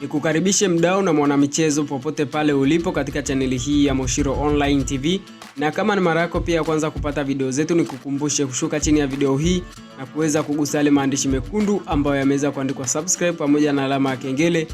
Ni kukaribishe mdao na mwanamichezo popote pale ulipo katika chaneli hii ya Moshiro Online TV, na kama ni mara yako pia ya kwanza kupata video zetu, ni kukumbushe kushuka chini ya video hii na kuweza kugusa yale maandishi mekundu ambayo yameweza kuandikwa subscribe pamoja na alama ya kengele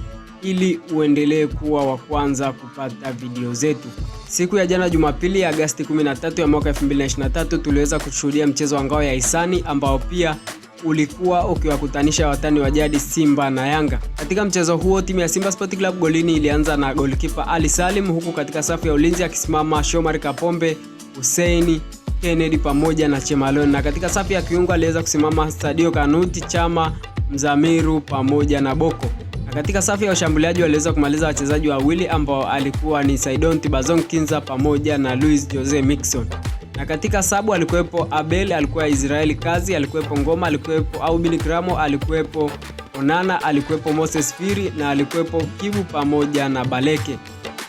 ili uendelee kuwa wa kwanza kupata video zetu. Siku ya jana Jumapili ya Agasti 13 ya mwaka 2023 tuliweza kushuhudia mchezo wa ngao ya hisani ambao pia ulikuwa ukiwakutanisha watani wa jadi Simba na Yanga. Katika mchezo huo timu ya Simba Sport Club golini ilianza na golikipa Ali Salim, huku katika safu ya ulinzi akisimama Shomari Kapombe, Huseini Kennedy pamoja na Chemalon, na katika safu ya kiungo aliweza kusimama Sadio Kanuti, Chama Mzamiru pamoja na Boko. Na katika safu ya washambuliaji waliweza kumaliza wachezaji wawili ambao alikuwa ni Saidon Tibazon Kinza pamoja na Luis Jose Mixon na katika sabu alikuwepo Abel, alikuwa Israeli Kazi, alikuwepo Ngoma, alikuwepo Aubin Kramo, alikuwepo Onana, alikuwepo Moses Firi na alikuwepo Kibu pamoja na Baleke.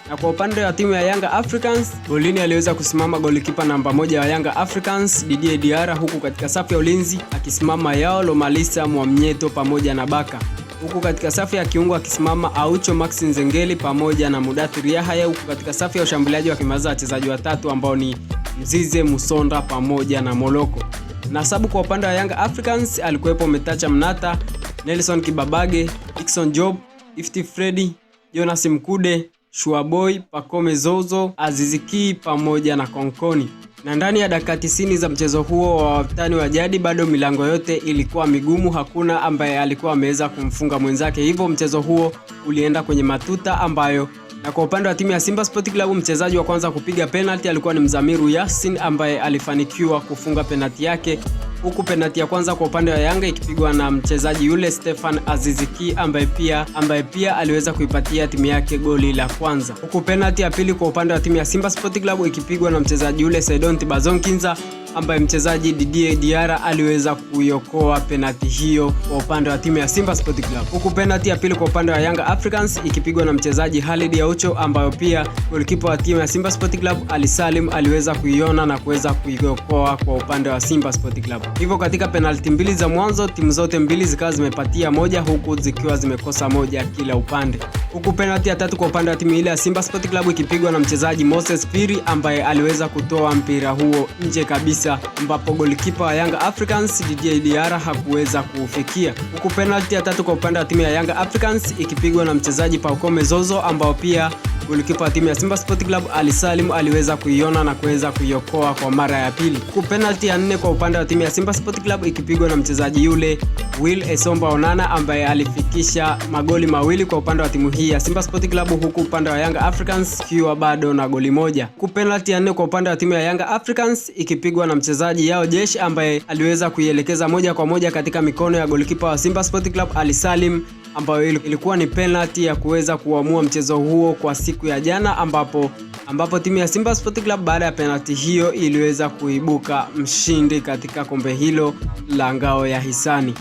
Na kwa upande wa timu ya Yanga Africans, golini aliweza kusimama golikipa namba moja wa Yanga Africans Didier Diara, huku katika safu ya ulinzi akisimama Yao Lomalisa Mwamnyeto pamoja na Baka, huku katika safu ya kiungo akisimama Aucho Max Nzengeli pamoja na Mudathir Yahya, huku katika safu ya ushambuliaji wakimaza wachezaji watatu ambao ni Mzize, Musonda pamoja na Moloko. Na sabu kwa upande wa Young Africans alikuwepo Metacha Mnata, Nelson Kibabage, Dickson Job, Ifti Freddy, Jonas Mkude, Shuaboy, Pakome Zozo, Aziziki pamoja na Konkoni na ndani ya dakika tisini za mchezo huo wa watani wa jadi bado milango yote ilikuwa migumu, hakuna ambaye alikuwa ameweza kumfunga mwenzake, hivyo mchezo huo ulienda kwenye matuta ambayo na kwa upande wa timu ya Simba Sport Club mchezaji wa kwanza kupiga penalti alikuwa ni Mzamiru Yasin ambaye alifanikiwa kufunga penalti yake huku penati ya kwanza kwa upande wa Yanga ikipigwa na mchezaji yule Stefan Aziziki ambaye pia ambaye pia aliweza kuipatia timu yake goli la kwanza, huku penati ya pili kwa upande wa timu ya Simba Sport Club ikipigwa na mchezaji yule Saidon Tibazon Kinza ambaye mchezaji Didier Diara aliweza kuiokoa penati hiyo kwa upande wa timu ya Simba Sport Club, huku penati ya pili kwa upande wa Young Africans ikipigwa na mchezaji Khalid Aucho, ambayo pia golikipa wa timu ya Simba Sport Club Ali Salim aliweza kuiona na kuweza kuiokoa kwa upande wa Simba Sport Club. Hivyo katika penalti mbili za mwanzo timu zote mbili zikawa zimepatia moja, huku zikiwa zimekosa moja kila upande huku penalti ya tatu kwa upande wa timu ile ya Simba Sport Club ikipigwa na mchezaji Moses Piri ambaye aliweza kutoa mpira huo nje kabisa, ambapo golikipa wa Young Africans Didier Diara hakuweza kuufikia, huku penalti ya tatu kwa upande wa timu ya Young Africans ikipigwa na mchezaji Pacome Zozo ambao pia golikipa wa timu ya Simba Sport Club Ali Salim aliweza kuiona na kuweza kuiokoa kwa mara ya pili, huku penalti ya nne kwa upande wa timu ya Simba Sport Club ikipigwa na mchezaji yule Will Esomba Onana ambaye alifikisha magoli mawili kwa upande wa timu hii ya Simba Sport Club, huku upande wa Young Africans ikiwa bado na goli moja. Huku penalty ya nne kwa upande wa timu ya Young Africans ikipigwa na mchezaji Yao Jeshi ambaye aliweza kuielekeza moja kwa moja katika mikono ya golikipa wa Simba Sport Club Ali Salim ambayo ilikuwa ni penalty ya kuweza kuamua mchezo huo kwa siku ya jana, ambapo ambapo timu ya Simba Sport Club baada ya penalty hiyo iliweza kuibuka mshindi katika kombe hilo la Ngao ya Hisani.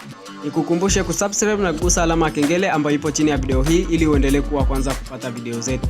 Nikukumbushe kusubscribe na kugusa alama ya kengele ambayo ipo chini ya video hii ili uendelee kuwa kwanza kupata video zetu.